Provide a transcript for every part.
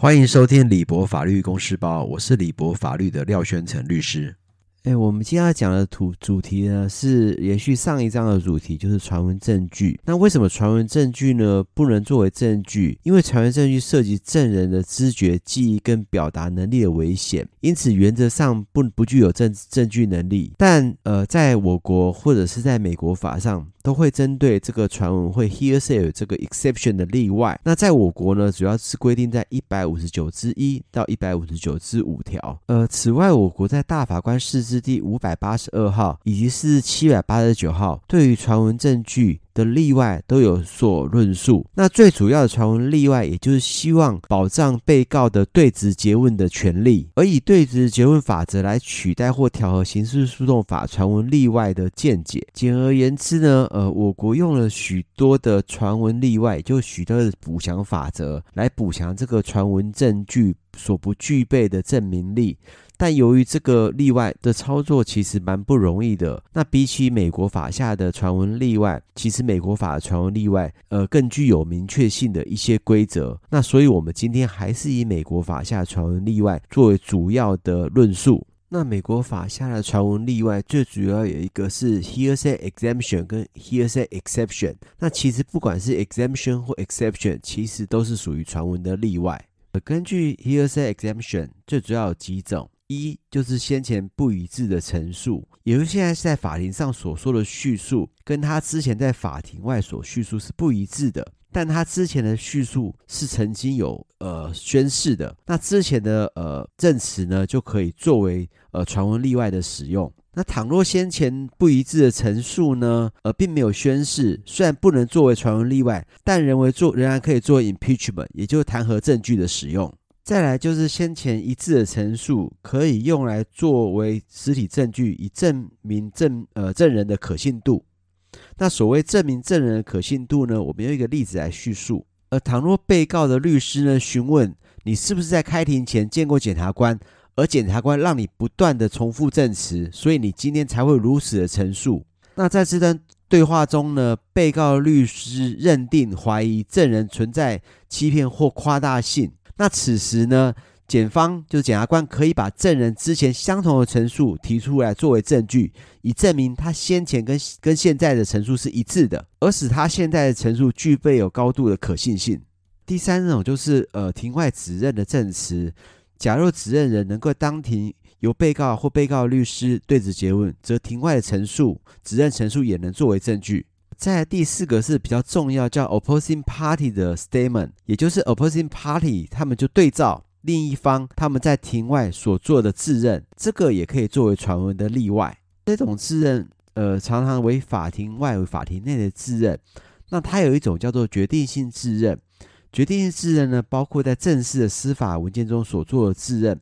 歡迎收聽李博法律公事包，我是李博法律的廖宣成律師。哎，我們今天要講的主主題呢，是延續上一章的主題，就是傳聞證據。那為什麼傳聞證據呢不能作為證據？因為傳聞證據涉及證人的知覺、記憶跟表達能力的危險，因此原則上不不具有證證據能力。但呃，在我國或者是在美國法上，都會針對這個傳聞會 hearsay 這個 exception 的例外。那在我國呢，主要是規定在一百五十九之一到一百五十九之五條。呃，此外，我國在大法官釋。第五百八十二號以及是七百八十九號，對於傳聞證據的例外都有所論述。那最主要的傳聞例外，也就是希望保障被告的對質詰問的權利，而以對質詰問法則來取代或調和刑事訴訟法傳聞例外的見解。簡而言之呢，呃，我國用了許多的傳聞例外，就許多的補強法則來補強這個傳聞證據所不具備的證明力。但由於這個例外的操作其實蠻不容易的，那比起美國法下的傳聞例外，其實美國法的傳聞例外呃更具有明確性的一些規則。那所以，我們今天還是以美國法下的傳聞例外作為主要的論述。那美國法下的傳聞例外最主要有一個是 hearsay exemption 跟 hearsay exception。那其實不管是 exemption 或 exception，其實都是屬於傳聞的例外。根據 hearsay exemption，最主要有幾種。一就是先前不一致的陳述，也就是現在在法庭上所說的敘述，跟他之前在法庭外所敘述是不一致的。但他之前的敘述是曾經有呃宣誓的，那之前的呃證詞呢，就可以作為呃傳聞例外的使用。那倘若先前不一致的陳述呢，呃，並沒有宣誓，雖然不能作為傳聞例外，但人為作仍然可以作為 impeachment，也就是彈劾證據的使用。再來就是先前一致的陳述，可以用來作為實體證據，以證明證呃證人的可信度。那所謂證明證人的可信度呢，我們用一個例子來敘述。而倘若被告的律師呢，詢問，你是不是在開庭前見過檢察官，而檢察官讓你不斷的重複證詞，所以你今天才會如此的陳述。那在這段對話中呢，被告律師認定懷疑證人存在欺騙或誇大性。那此時呢，檢方就是檢察官，可以把證人之前相同的陳述提出來作為證據，以證明他先前跟跟現在的陳述是一致的，而使他現在的陳述具備有高度的可信性。第三種就是呃庭外指認的證詞，假若指認人能夠當庭由被告或被告律師對質詰問，則庭外的陳述、指認陳述也能作為證據。在第四個是比較重要，叫 opposing party 的 statement，也就是 opposing party 他們就對照另一方他們在庭外所做的自認，這個也可以作為傳聞的例外。這種自認，呃，常常為法庭外、為法庭內的自認。那它有一種叫做決定性自認，決定性自認呢，包括在正式的司法文件中所做的自認，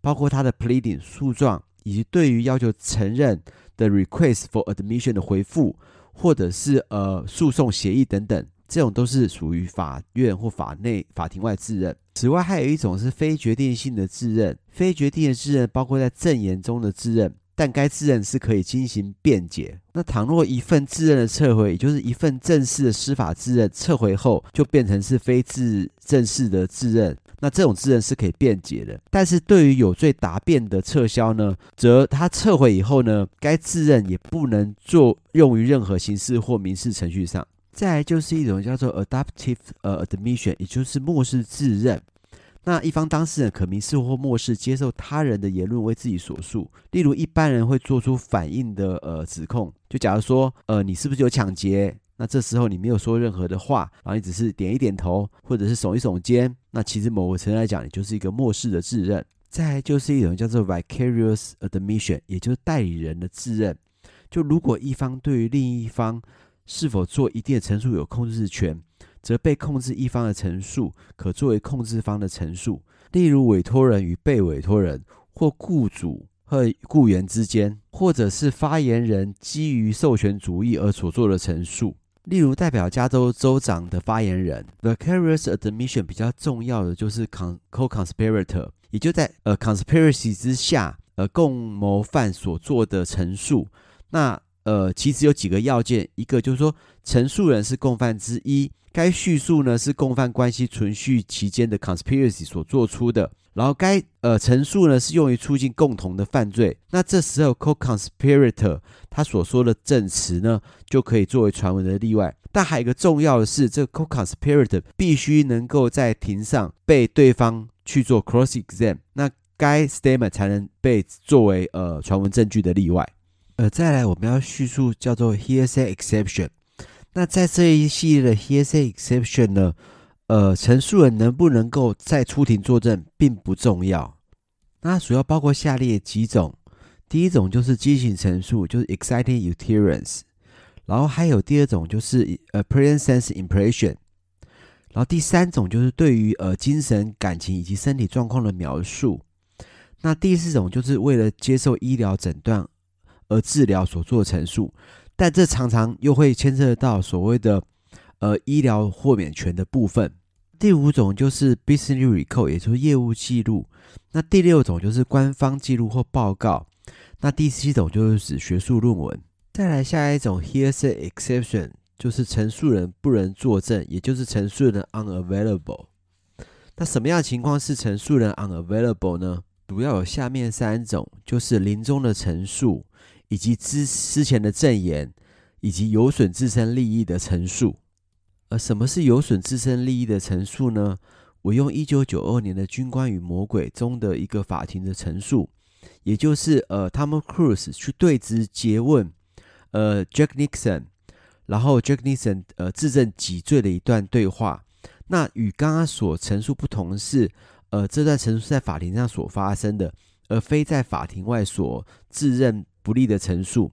包括它的 pleading 訴狀，以及對於要求承認的 request for admission 的回復。或者是呃訴訟協議等等，這種都是屬於法院或法內法庭外自認。此外，還有一種是非決定性的自認，非決定的自認包括在證言中的自認，但該自認是可以進行辯解。那倘若一份自認的撤回，也就是一份正式的司法自認撤回後，就變成是非自正式的自認。那這種自認是可以辯解的，但是對於有罪答辯的撤銷呢，則他撤回以後呢，該自認也不能做用於任何形式或民事程序上。再來就是一種叫做 adaptive 呃 admission，也就是默示自認。那一方當事人可民事或默示接受他人的言論為自己所述，例如一般人會做出反應的呃指控，就假如說呃你是不是有搶劫？那這時候你沒有說任何的話，然後你只是點一點頭，或者是聳一聳肩。那其實某個程度來講，也就是一個默示的自認；再來就是一種叫做 vicarious admission，也就是代理人的自認。就如果一方對於另一方是否做一定的陳述有控制權，則被控制一方的陳述可作為控制方的陳述。例如，委托人與被委托人，或雇主和雇員之間，或者是發言人基於授權主義而所做的陳述。例如代表加州州長的發言人，the vicarious admission 比較重要的就是 co-conspirator，也就在呃 conspiracy 之下，呃共謀犯所做的陳述。那呃其實有幾個要件，一個就是說陳述人是共犯之一，該敘述呢是共犯關係存續期間的 conspiracy 所做出的。然後該，該呃陳述呢是用於促進共同的犯罪。那這時候，co-conspirator 他所說的證詞呢，就可以作為傳聞的例外。但還有一個重要的是，這個 co-conspirator 必須能夠在庭上被對方去做 cross-exam，那該 statement 才能被作為呃傳聞證據的例外。呃，再來我們要敘述叫做 hearsay exception。那在這一系列的 hearsay exception 呢？呃，陳述人能不能夠再出庭作證，並不重要。那主要包括下列幾種：第一種就是激情陳述，就是 excited utterance；然後還有第二種就是呃 present sense impression；然後第三種就是對於呃精神、感情以及身體狀況的描述。那第四種就是為了接受醫療診斷而治療所做陳述，但這常常又會牽涉到所謂的。而醫療豁免權的部分，第五種就是 business r e c o r l 也就是業務記錄。那第六種就是官方記錄或報告。那第七種就是指學術論文。再來下一種，here's an exception，就是陳述人不能作證，也就是陳述人 unavailable。那什麼樣的情況是陳述人 unavailable 呢？主要有下面三種，就是臨終的陳述，以及之之前的證言，以及有損自身利益的陳述。呃，什麼是有損自身利益的陳述呢？我用一九九二年的《軍官與魔鬼》中的一個法庭的陳述，也就是呃，湯姆·克魯斯去對峙詰問呃，傑克·尼克森然後傑克、呃·尼克森呃自證己罪的一段對話。那與剛剛所陳述不同的是，呃，這段陳述是在法庭上所發生的，而非在法庭外所自認不利的陳述。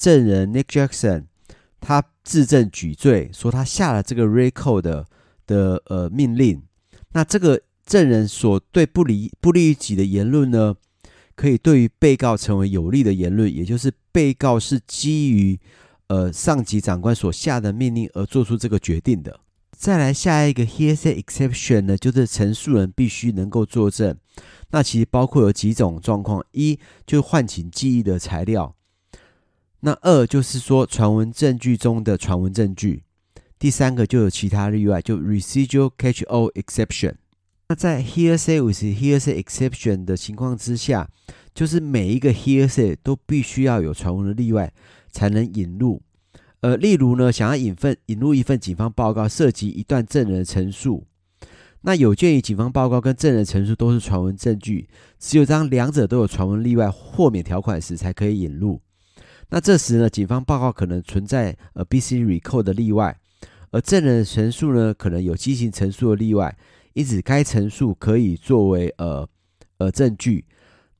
證人 Nick Jackson，他自證舉罪，說他下了這個 Code Red 的的呃命令。那這個證人所對不利不利於己的言論呢，可以對於被告成為有利的言論，也就是被告是基於呃上級長官所下的命令而做出這個決定的。再來下一個 hearsay exception 呢，就是陳述人必須能夠作證。那其實包括有幾種狀況：一，就喚醒記憶的材料。那二就是說，傳聞證據中的傳聞證據。第三個就有其他例外，就 residual catch-all exception。那在 hearsay with hearsay exception 的情況之下，就是每一個 hearsay 都必須要有傳聞的例外才能引入。呃，例如呢，想要引份引入一份警方報告，涉及一段證人的陳述。那有鑑於警方報告跟證人陳述都是傳聞證據，只有當兩者都有傳聞例外豁免條款時，才可以引入。那這時呢，警方報告可能存在呃 BC record 的例外，而證人的陳述呢，可能有激情陳述的例外，因此該陳述可以作為呃呃證據。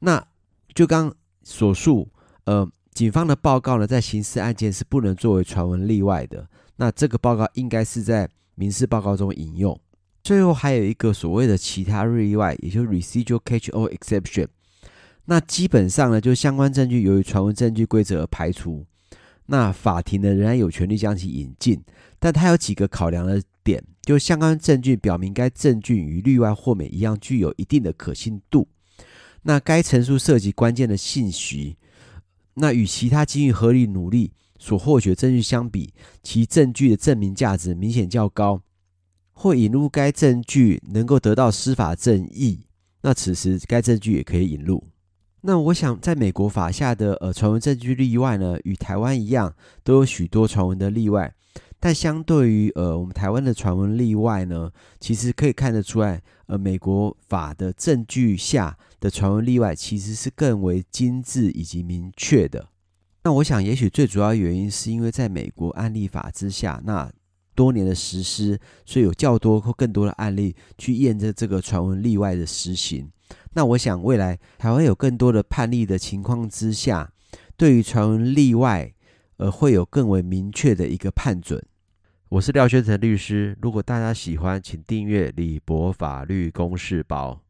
那就剛所述，呃，警方的報告呢，在刑事案件是不能作為傳聞例外的。那這個報告應該是在民事報告中引用。最後還有一個所謂的其他日例外，也就是 residual catch all exception。那基本上呢，就相關證據由於傳聞證據規則而排除，那法庭呢，仍然有權利將其引進，但它有幾個考量的點：就相關證據表明該證據與例外豁免一樣具有一定的可信度；那該陳述涉及關鍵的信息；那與其他基於合理努力所獲取的證據相比，其證據的證明價值明顯較高；或引入該證據能夠得到司法正義，那此時該證據也可以引入。那我想，在美國法下的呃傳聞證據例外呢，與台灣一樣，都有許多傳聞的例外。但相對於呃我們台灣的傳聞例外呢，其實可以看得出來，呃美國法的證據下的傳聞例外其實是更為精緻以及明確的。那我想，也許最主要原因是因為在美國案例法之下，那多年的實施，所以有較多或更多的案例去驗證這個傳聞例外的實行。那我想未來還會有更多的判例的情況之下，對於傳聞例外，呃，會有更為明確的一個判準。我是廖學成律師，如果大家喜歡，請訂閱李博法律公示包。